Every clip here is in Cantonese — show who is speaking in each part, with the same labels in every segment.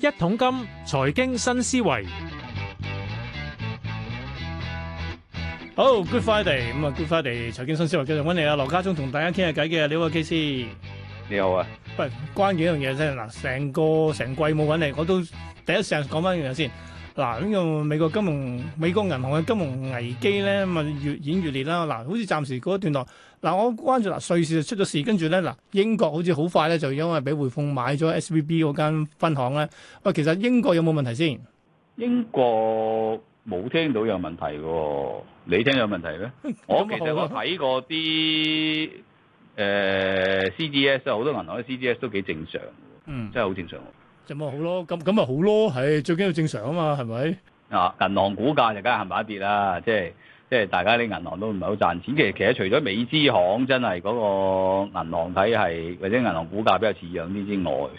Speaker 1: 一桶金財經新思維，好，Good Friday，咁啊，Good Friday 財經新思維繼續揾你啊，羅家聰同大家傾下偈嘅。你好啊，KC，你好啊，喂，關鍵一樣嘢真係，嗱，成個成季冇揾你，我都第一時間講翻一樣嘢先。嗱，呢個美國金融、美國銀行嘅金融危機咧，咁越演越烈啦。嗱，好似暫時嗰一段落，嗱我關注嗱瑞士就出咗事，跟住咧嗱英國好似好快咧就因為俾匯豐買咗 SVB 嗰間分行咧。喂、啊，其實英國有冇問題先？
Speaker 2: 英國冇聽到有問題喎，你聽有問題咩？ 這樣 我其實我睇過啲誒、呃、CDS 好多銀行嘅 CDS 都幾正常，嗯，真係好正常。
Speaker 1: 咁咪好咯，咁咁咪好咯，係，最緊要正
Speaker 2: 常啊嘛，係咪？啊，銀行股價就梗係冚唪唥一跌啦，即係即係大家啲銀行都唔係好賺錢。其實其實除咗美資行真係嗰個銀行體系或者銀行股價比較似樣啲之外，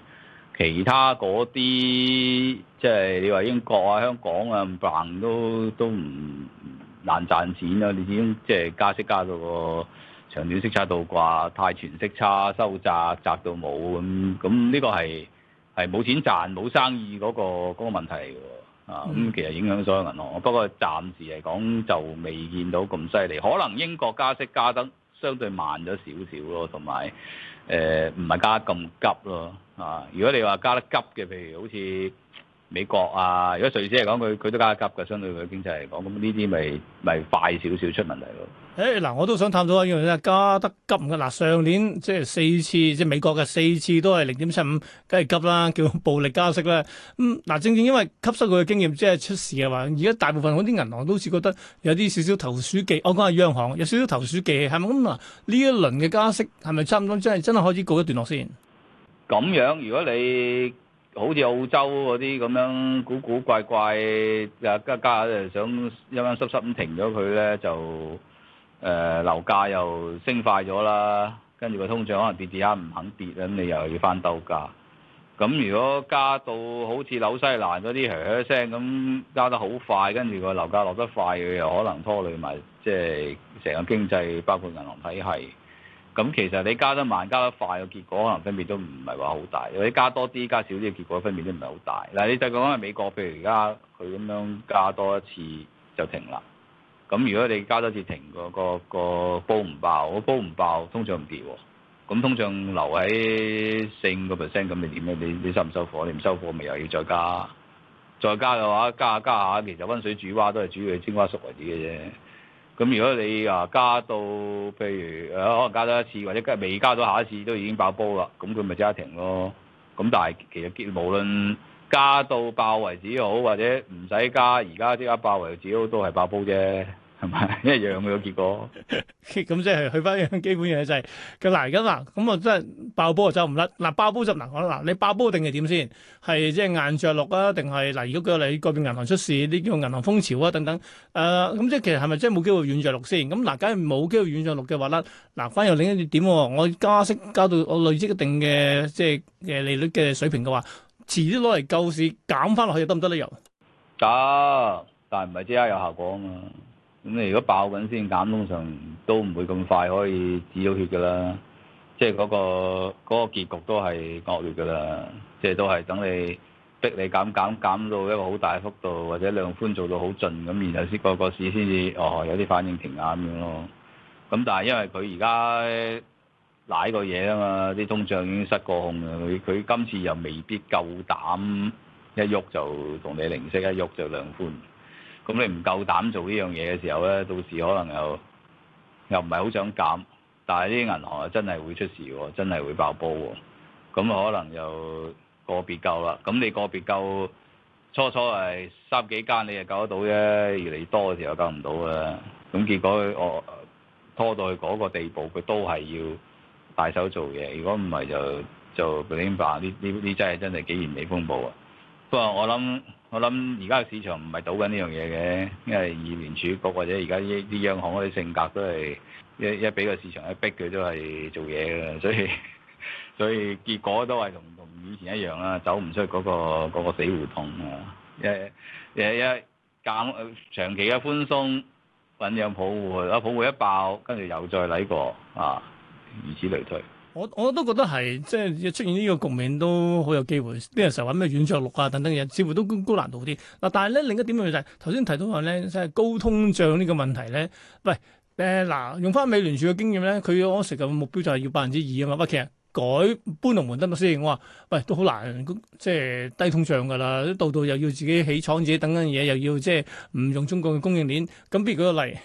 Speaker 2: 其他嗰啲即係你話英國啊、香港啊、bang 都都唔難賺錢啦。你始終即係加息加到個長短息差倒掛，泰存息差收窄窄到冇咁，咁呢個係。係冇錢賺冇生意嗰個嗰個問題喎，啊咁其實影響所有銀行，不過暫時嚟講就未見到咁犀利，可能英國加息加得相對慢咗少少咯，同埋誒唔係加得咁急咯，啊如果你話加得急嘅，譬如好似。美國啊，如果瑞士嚟講，佢佢都加急嘅，相對佢經濟嚟講，咁呢啲咪咪快少少出問題咯。
Speaker 1: 誒嗱、哎，我都想探討一下，呢樣嘢，加得急嘅嗱，上年即係四次，即係美國嘅四次都係零點七五，梗係急啦，叫暴力加息啦。咁、嗯、嗱，正正因為吸收佢嘅經驗，即係出事嘅話，而家大部分嗰啲銀行都似覺得有啲少少投鼠忌，我講下央行有少少投鼠忌，係咪咁嗱？呢一輪嘅加息係咪差唔多真係真係開始告一段落先？
Speaker 2: 咁樣，如果你好似澳洲嗰啲咁樣古古怪怪，啊加加下就想陰陰濕濕咁停咗佢咧，就誒樓價又升快咗啦，跟住個通脹可能跌跌下唔肯跌咧，咁你又要翻兜價。咁如果加到好似紐西蘭嗰啲噓噓聲咁加得好快，跟住個樓價落得快，佢又可能拖累埋即係成個經濟，包括銀行體系。咁其實你加得慢、加得快嘅結果，可能分別都唔係話好大。如果你加多啲、加少啲嘅結果，分別都唔係好大。嗱，你就講下美國，譬如而家佢咁樣加多一次就停啦。咁如果你加多次停，個、個煲唔爆，個煲唔爆，通脹唔跌喎。咁通脹留喺四五個 percent，咁你點咧？你你收唔收貨？你唔收貨咪又要再加？再加嘅話，加下加下，其實温水煮蛙都係煮佢青蛙熟為止嘅啫。咁如果你啊加到，譬如誒、啊、可能加多一次，或者未加到下一次都已經爆煲啦，咁佢咪即刻停咯。咁但係其實，結無論加到爆為止好，或者唔使加，而家即刻爆為止好，都係爆煲啫。係咪一樣嘅結果？
Speaker 1: 咁即係去翻樣基本嘢就係佢嗱。而家嗱咁啊，真係爆煲就走唔甩嗱。爆煲就難講啦。你爆煲定係點先？係即係硬着陸啊？定係嗱？如果佢你個別銀行出事，呢叫銀行風潮啊，等等誒。咁即係其實係咪真係冇機會軟着陸先？咁嗱，假如冇機會軟着陸嘅話咧，嗱，翻又另一點，點，我加息加到我累積一定嘅即係嘅利率嘅水平嘅話，遲啲攞嚟救市減翻落去得唔得理由？
Speaker 2: 得，但係唔係即刻有效果啊嘛。咁你如果爆緊先減，通常都唔會咁快可以止到血噶啦，即係嗰個嗰個結局都係惡劣噶啦，即係都係等你逼你減減減到一個好大幅度，或者量寬做到好盡咁，然後先個個市先至哦有啲反應停眼咁咯。咁但係因為佢而家瀨個嘢啊嘛，啲通脹已經失過控，佢佢今次又未必夠膽一喐就同你零息，一喐就量寬。咁你唔夠膽做呢樣嘢嘅時候呢，到時可能又又唔係好想減，但係啲銀行又真係會出事喎，真係會爆煲喎。咁可能又個別救啦。咁你個別救初初係三幾間，你就救得到啫。越嚟越多嘅時候又救唔到噶啦。咁結果我拖到去嗰個地步，佢都係要大手做嘢。如果唔係就就 bring back 呢呢真係真係幾完美風暴啊。不過我諗。我諗而家嘅市場唔係賭緊呢樣嘢嘅，因為二聯儲局或者而家啲啲央行嗰啲性格都係一一俾個市場一逼佢都係做嘢嘅，所以所以結果都係同同以前一樣啦，走唔出嗰個嗰個死胡同啊！一一一減長期嘅寬鬆揾樣保護，一保護一爆，跟住又再嚟過啊！如此類推。我我都覺得係，即
Speaker 1: 係出現呢個局面都好有機會。啲人成日話咩軟着陸啊等等嘢，似乎都高，高難度啲。嗱、啊，但係咧另一點咧就係頭先提到話咧，即係高通脹呢個問題咧，喂誒嗱、呃，用翻美聯儲嘅經驗咧，佢當時嘅目標就係要百分之二啊嘛。不過其實改搬龍門得唔得先？我話喂，都好難，即係低通脹㗎啦。到到又要自己起廠，自己等等嘢，又要即係唔用中國嘅供應鏈。咁譬如舉個例，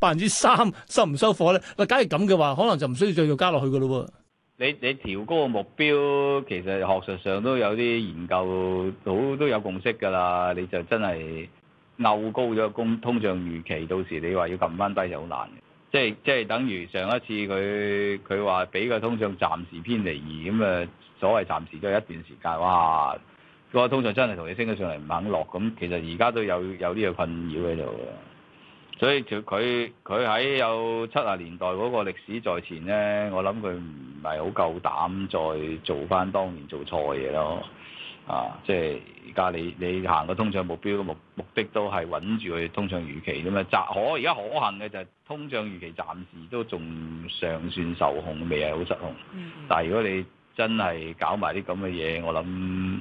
Speaker 1: 百分之三收唔收貨咧？嗱，假如咁嘅話，可能就唔需要再再加落去㗎咯喎。
Speaker 2: 你你調高個目標，其實學術上都有啲研究，好都有共識㗎啦。你就真係拗高咗個通脹預期，到時你話要撳翻低就好難嘅。即係即係等於上一次佢佢話俾個通脹暫時偏離，咁誒所謂暫時都係一段時間。哇！個通脹真係同你升咗上嚟唔肯落，咁其實而家都有有呢個困擾喺度。所以佢佢喺有七十年代嗰個歷史在前呢，我諗佢唔係好夠膽再做翻當年做錯嘅嘢咯。啊，即係而家你你行個通脹目標目目的都係穩住佢通脹預期咁啊，可而家可行嘅就係通脹預期暫時都仲尚算受控，未係好失控。但係如果你真係搞埋啲咁嘅嘢，我諗。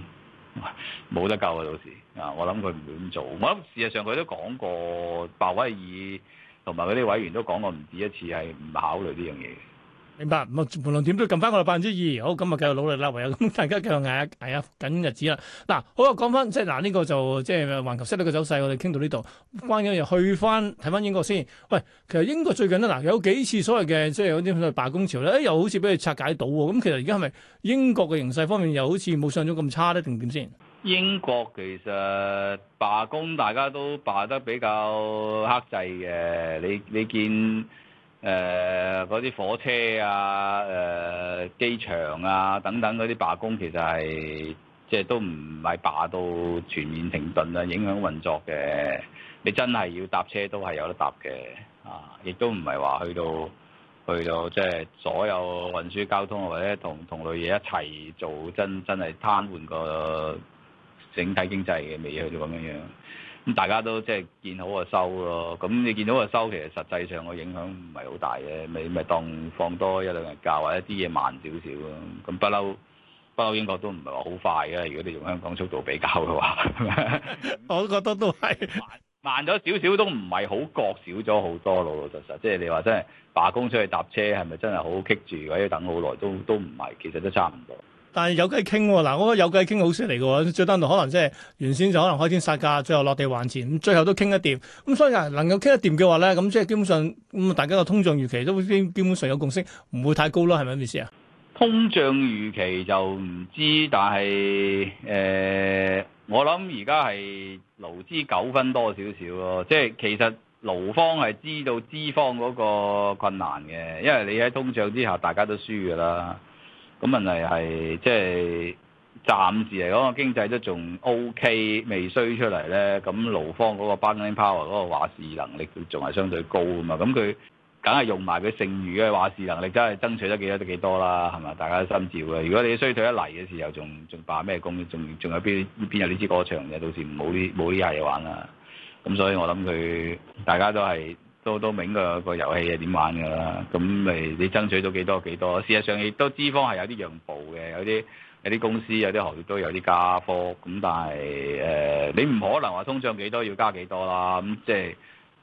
Speaker 2: 冇得救啊！到時啊，我諗佢唔會咁做。我諗事實上佢都講過，鮑威爾同埋嗰啲委員都講過唔止一次係唔考慮呢樣嘢。
Speaker 1: 唔，無論點都撳翻，我哋百分之二，好咁啊，繼續努力啦，唯有咁大家繼續捱啊捱啊緊日子啦。嗱，好啊，講翻即係嗱，呢、這個就即係環球市呢個走勢，我哋傾到呢度。關咗又去翻睇翻英國先。喂，其實英國最近咧，嗱有幾次所謂嘅即係有啲咁嘅罷工潮咧，誒、欸，又好似俾佢拆解到喎。咁、嗯、其實而家係咪英國嘅形勢方面又好似冇上咗咁差咧？定點先？
Speaker 2: 英國其實罷工大家都罷得比較克制嘅，你你，你見？誒嗰啲火車啊、誒、呃、機場啊等等嗰啲罷工，其實係即係都唔係罷到全面停頓啊，影響運作嘅。你真係要搭車都係有得搭嘅，啊，亦都唔係話去到去到即係所有運輸交通或者同同類嘢一齊做，真真係癱瘓個整體經濟嘅，未去到咁樣。咁大家都即係見好就收咯。咁你見好就收，其實實際上個影響唔係好大嘅，咪咪當放多一兩日假或者啲嘢慢少少咯。咁不嬲，不嬲英國都唔係話好快嘅。如果你用香港速度比較嘅話， 我都覺得都係慢咗少少，點點都唔係好覺少咗好多咯。老實實。即係你話真係罷工出去搭車，係咪真係好棘住或者等好耐都都唔係，其實都差唔多。
Speaker 1: 但係有計傾喎，嗱，我覺得有計傾好事嚟嘅，最單獨可能即係原先就可能開天殺價，最後落地還錢，咁最後都傾得掂，咁所以啊，能夠傾得掂嘅話咧，咁即係基本上咁，大家個通脹預期都基基本上有共識，唔會太高啦，係咪咁回事啊？
Speaker 2: 通脹預期就唔知，但係誒、呃，我諗而家係勞資糾紛多少少咯，即係其實勞方係知道資方嗰個困難嘅，因為你喺通脹之下，大家都輸嘅啦。咁問題係，即係暫時嚟講，個經濟都仲 O K，未衰出嚟咧。咁勞方嗰個 bargaining power 嗰個話事能力仲係相對高啊嘛。咁佢梗係用埋佢剩餘嘅話事能力，梗係爭取得幾多就幾多啦，係咪？大家都心照嘅。如果你衰退一嚟嘅時候，仲仲打咩工？仲仲有邊邊有呢支歌唱嘅？到時冇呢冇呢啲嘢玩啦。咁所以我諗佢大家都係。都都明個個遊戲，係點玩噶啦，咁咪你爭取到幾多幾多。事實上，亦都資方係有啲讓步嘅，有啲有啲公司有啲行業都有啲加波，咁但係誒、呃，你唔可能話通脹幾多要加幾多啦，咁、嗯、即係。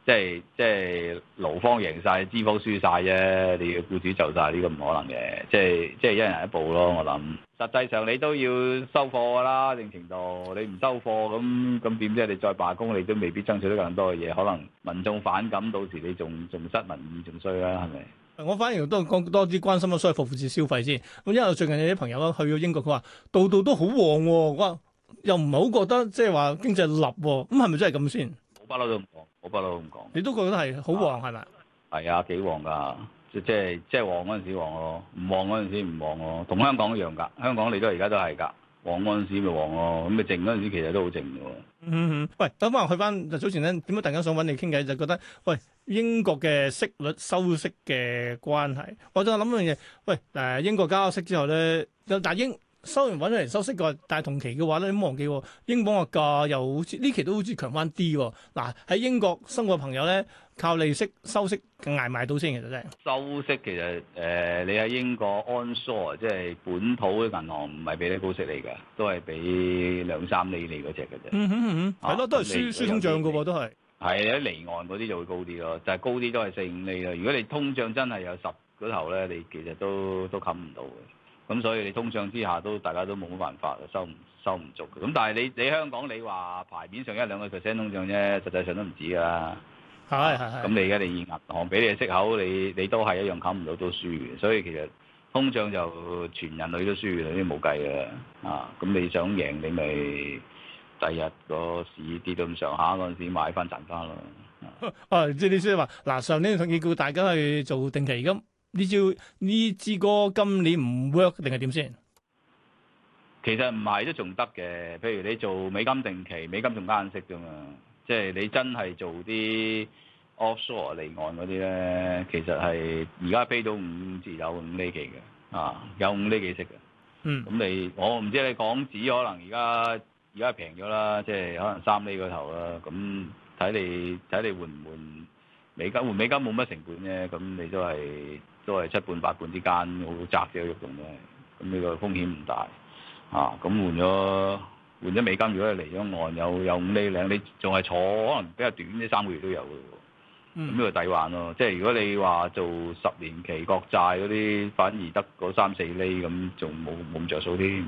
Speaker 2: 即係即係勞方贏晒，資方輸晒啫。你要雇主就晒呢、呢個唔可能嘅。即係即係一人一步咯，我諗。實際上你都要收貨㗎啦，一定程度。你唔收貨咁咁點知，你再罷工，你都未必爭取得更多嘅嘢。可能民眾反感，到時你仲仲失民仲衰啦，係咪？
Speaker 1: 是是我反而都多講多啲關心咗，所謂復市消費先。咁因為最近有啲朋友咯去咗英國，佢話度度都好旺喎、哦，又唔係好覺得即係話經濟立喎。咁係咪真係咁先？
Speaker 2: 不嬲都唔講，我不嬲都唔講。你都
Speaker 1: 覺得係好旺
Speaker 2: 係咪？係啊，幾吧旺㗎？即即即旺嗰陣時旺咯，唔旺嗰陣時唔旺咯。同香港一樣㗎，香港你都而家都係㗎。旺嗰陣時咪旺咯，咁咪靜嗰陣時其實都好靜㗎喎。嗯嗯，
Speaker 1: 喂，咁翻去翻早前咧，點解突然間想揾你傾偈，就覺得，喂，英國嘅息率收息嘅關係，我就諗一樣嘢。喂，誒、呃，英國交息之後咧，就但英。收完揾出嚟收息嘅，但係同期嘅話咧，唔忘記、哦、英鎊嘅價又好似呢期都好似強翻啲、哦。嗱、啊、喺英國生活嘅朋友咧，靠利息收息捱，捱埋到先，其實真係。
Speaker 2: 收息其實誒、呃，你喺英國 onshore 即係本土嘅銀行，唔係俾你高息嚟嘅，都係俾兩三厘你嗰隻嘅啫。里里
Speaker 1: 嗯係咯、嗯，都係輸輸通脹嘅喎，啊、你都係是。
Speaker 2: 係喺離岸嗰啲就會高啲咯，就係、是、高啲都係四五厘啦。如果你通脹真係有十嗰頭咧，你其實都都冚唔到嘅。咁所以你通脹之下都大家都冇乜辦法，收唔收唔足。咁但係你你香港你話牌面上一兩個 percent 通脹啫，實際上都唔止㗎。係係係。咁、啊、你而家你要銀行俾你嘅息口，你你都係一樣冚唔到都輸。所以其實通脹就全人類都輸嘅，你都冇計㗎。啊，咁你想贏你咪第日個市跌到咁上下嗰陣時買翻賺翻咯。
Speaker 1: 啊，即係、 啊、你先話嗱，上年同意叫大家去做定期咁。呢支呢支歌今年唔 work 定係點先？
Speaker 2: 其實唔係都仲得嘅，譬如你做美金定期，美金仲加息噶嘛。即係你真係做啲 offshore 離岸嗰啲咧，其實係而家飛到五至有五厘幾嘅，啊有五厘幾息嘅。咁你我唔知你港紙可能而家而家平咗啦，即係可能三厘個頭啦。咁睇你睇你換唔換美金？換美金冇乜成本啫，咁你都係。都係七半八半之間，好窄嘅郁動嘅。咁呢個風險唔大啊。咁換咗換咗美金，如果你嚟咗岸有有五厘兩，你仲係坐可能比較短啲，三個月都有嘅。咁呢個抵玩咯。即係如果你話做十年期國債嗰啲，反而得嗰三四厘，咁仲冇冇咁著數添。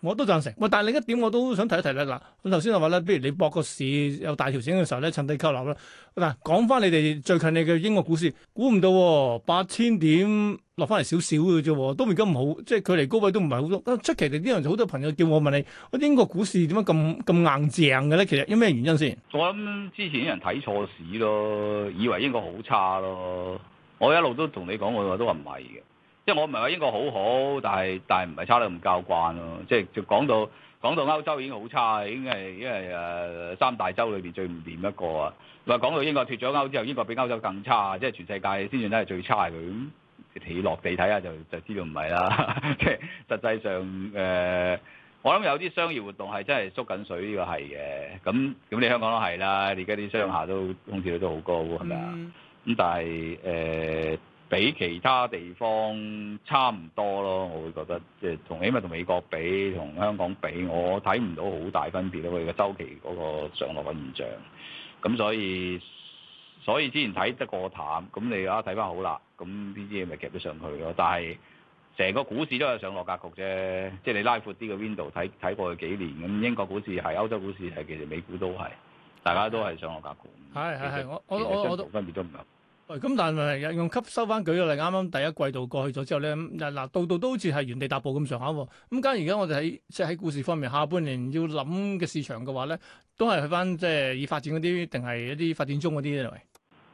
Speaker 1: 我都贊成，喂。但係另一點我都想提一提咧，嗱，咁頭先又話咧，不如你博個市有大調整嘅時候咧，趁低吸納啦。嗱，講翻你哋最近你嘅英國股市，估唔到八千點落翻嚟少少嘅啫，都而家唔好，即係距離高位都唔係好多。出奇地，啲人就好多朋友叫我問你，我英國股市點解咁咁硬淨嘅咧？其實有咩
Speaker 2: 原因先？我諗之前啲人睇錯市咯，以為英國好差咯，我一路都同你講，我話都話唔係嘅。即係我唔係話英國好好，但係但係唔係差到咁交關咯。即係就講到講到歐洲已經好差，已經係因為係、啊、三大洲裏邊最唔掂一個啊。話講到英國脫咗歐之後，英國比歐洲更差，即係全世界先算得係最差嘅咁。起落地睇下就就知道唔係啦。即 係實際上誒、呃，我諗有啲商業活動係真係縮緊水呢、呢個係嘅。咁咁你香港都係啦，你而家啲商下都通脹率都好高係咪啊？咁、mm. 但係誒。呃比其他地方差唔多咯，我會覺得即係同起碼同美國比，同香港比，我睇唔到好大分別咯。佢嘅周期嗰個上落嘅現象，咁所以所以之前睇得過淡，咁你啊睇翻好啦，咁呢啲咪夾得上去咯。但係成個股市都係上落格局啫，即係你拉闊啲嘅 window 睇睇過去幾年，咁英國股市係、歐洲股市係、其實美股都係，大家都係上落格局。
Speaker 1: 係係係，我我我我。喂，咁但係用吸收翻舉個例，啱啱第一季度過去咗之後咧，咁嗱，度度都好似係原地踏步咁上下喎。咁而家而家我哋喺即係喺股市方面，下半年要諗嘅市場嘅話咧，都係去翻即係已發展嗰啲，定係一啲發展中嗰啲嚟。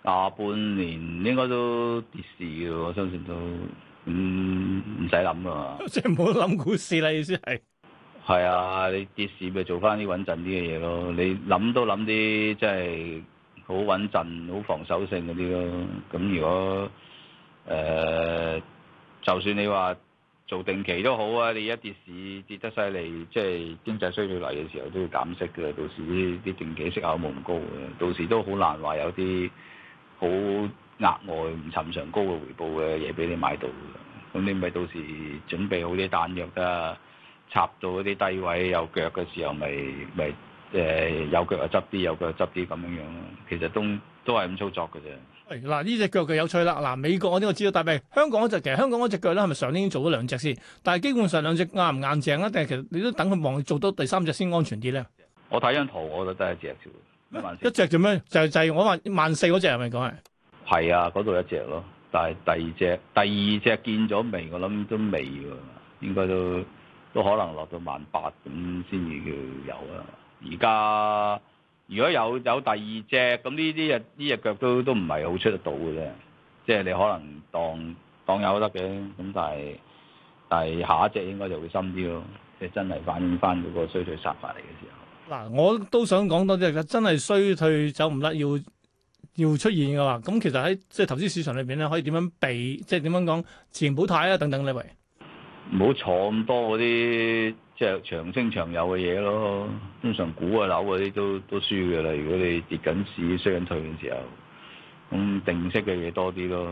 Speaker 2: 下半年應該都跌市嘅，我相信都唔唔使諗啦，即係唔好諗股市啦，意思係？係啊，你跌市咪做翻啲穩陣啲嘅嘢咯。你諗都諗啲即係。好穩陣，好防守性嗰啲咯。咁如果誒、呃，就算你話做定期都好啊，你一跌市跌得犀利，即係經濟衰退嚟嘅時候都要減息嘅。到時啲定期息口冇咁高嘅，到時都好難話有啲好額外唔尋常高嘅回報嘅嘢俾你買到。咁你咪到時準備好啲彈藥啊，插到嗰啲低位有腳嘅時候咪咪。誒有腳就執啲，有腳就執啲咁樣樣其實都都係咁操作嘅啫。
Speaker 1: 係嗱、哎，呢隻腳就有趣啦。嗱，美國我呢個知道，但係香港嗰隻其實香港嗰隻腳咧，係咪上年已經做咗兩隻先？但係基本上兩隻硬唔硬淨啊？定係其實你都等佢望佢做到第三隻先安全啲咧？
Speaker 2: 我睇張圖，我覺得一隻啫。麼
Speaker 1: 一隻做咩？就係、就係、我話萬四嗰隻係咪講
Speaker 2: 係？係啊，嗰度有一隻咯。但係第二隻，第二隻見咗未？我諗都未喎，應該都應該都,都可能落到萬八咁先至叫有啊。而家如果有有第二隻咁，呢啲日呢隻腳都都唔係好出得到嘅啫，即係你可能當當有得嘅，咁但係但係下一隻應該就會深啲咯，即係真係反映翻嗰個衰退殺法嚟嘅時候。
Speaker 1: 嗱，我都想講多啲，其實真係衰退走唔甩，要要出現嘅話，咁其實喺即係投資市場裏邊咧，可以點樣避？即係點樣講？持盈保泰啊，等等你咪
Speaker 2: 唔好坐咁多嗰啲。即係長升長有嘅嘢咯，通常股啊樓嗰啲都都輸嘅啦。如果你跌緊市、衰緊退嘅時候，咁定息嘅嘢多啲咯。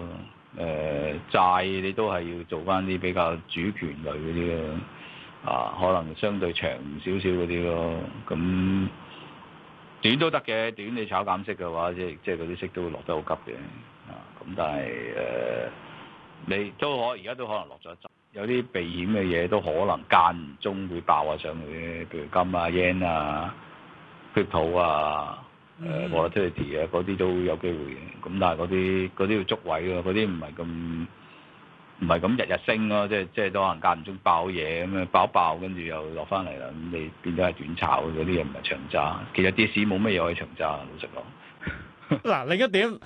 Speaker 2: 誒、呃，債你都係要做翻啲比較主權類嗰啲咯。啊，可能相對長少少嗰啲咯。咁短都得嘅，短你炒減息嘅話，即係即係嗰啲息都會落得好急嘅。啊，咁但係誒、呃，你都可而家都可能落咗有啲避險嘅嘢都可能間唔中會爆啊上去嘅，譬如金啊、yen 啊、血土 t o 啊、
Speaker 3: 誒黃
Speaker 2: 金啊嗰啲都有機會嘅。咁但係嗰啲嗰啲要捉位咯，嗰啲唔係咁，唔係咁日日升咯，即係即係都可能間唔中爆嘢咁樣，爆爆跟住又落翻嚟啦。咁你變咗係短炒嗰啲又唔係長揸。其實跌市冇咩嘢可以長揸，老實講。
Speaker 1: 嗱， 另一點，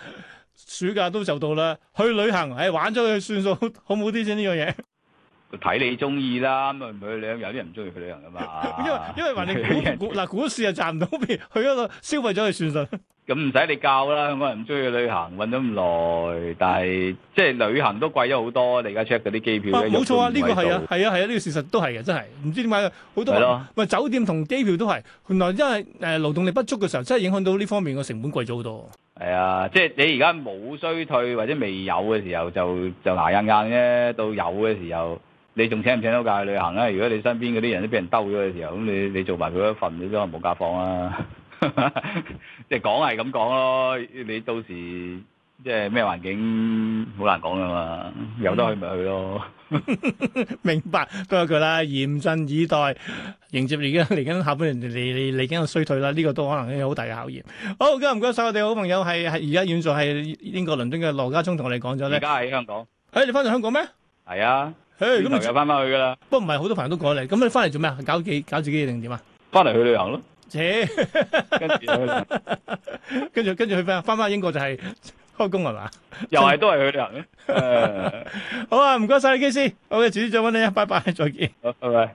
Speaker 1: 暑假都就到啦，去旅行，誒、哎、玩咗去算數，好唔好啲先呢樣嘢。
Speaker 2: 睇你中意啦，咁啊唔去旅行，有啲人唔中意去旅行噶嘛。
Speaker 1: 因為因為話你股股嗱股市啊賺唔到，譬如去一個消費咗係算數。
Speaker 2: 咁唔使你教啦，香港人唔中意去旅行，揾咗咁耐，但係即係旅行都貴咗好多。你而家 check 嗰啲機票冇錯啊，呢個係啊，係
Speaker 1: 啊係啊，呢個事實都係啊，真係唔知點解好多咪酒店同機票都係原來因為誒勞動力不足嘅時候，真係影響到呢方面嘅成本貴咗好多。
Speaker 2: 係啊，即係你而家冇衰退或者未有嘅時，時候，就就牙硬硬啫，到有嘅時候。你仲請唔請到假去旅行啊？如果你身邊嗰啲人都俾人兜咗嘅時候，咁你你做埋佢一份，你都係冇假放啊！即係講係咁講咯，你到時即係咩環境好難講噶嘛？由得去咪去咯。 明白，都有佢啦，
Speaker 1: 嚴陣以待，迎接而家嚟緊下半年嚟嚟嚟緊嘅衰退啦。呢、呢個都可能有好大嘅考驗。好，今日唔該晒我哋好朋友，係係而家遠在係英國倫敦嘅羅家聰同我哋講咗咧。而家
Speaker 2: 係香港。誒、欸，你翻到香港咩？係啊。誒，咁又翻翻去噶啦？
Speaker 1: 不唔係好多朋友都過嚟，咁你翻嚟做咩啊？搞幾搞自己嘢定點
Speaker 2: 啊？翻嚟去旅行咯。扯！ 跟住
Speaker 1: 跟住跟住去翻翻翻英國就係開工係嘛？又係是 都係旅啲人。好啊，唔該晒你機師，我 k 遲啲再揾你啊，拜拜再見。拜拜。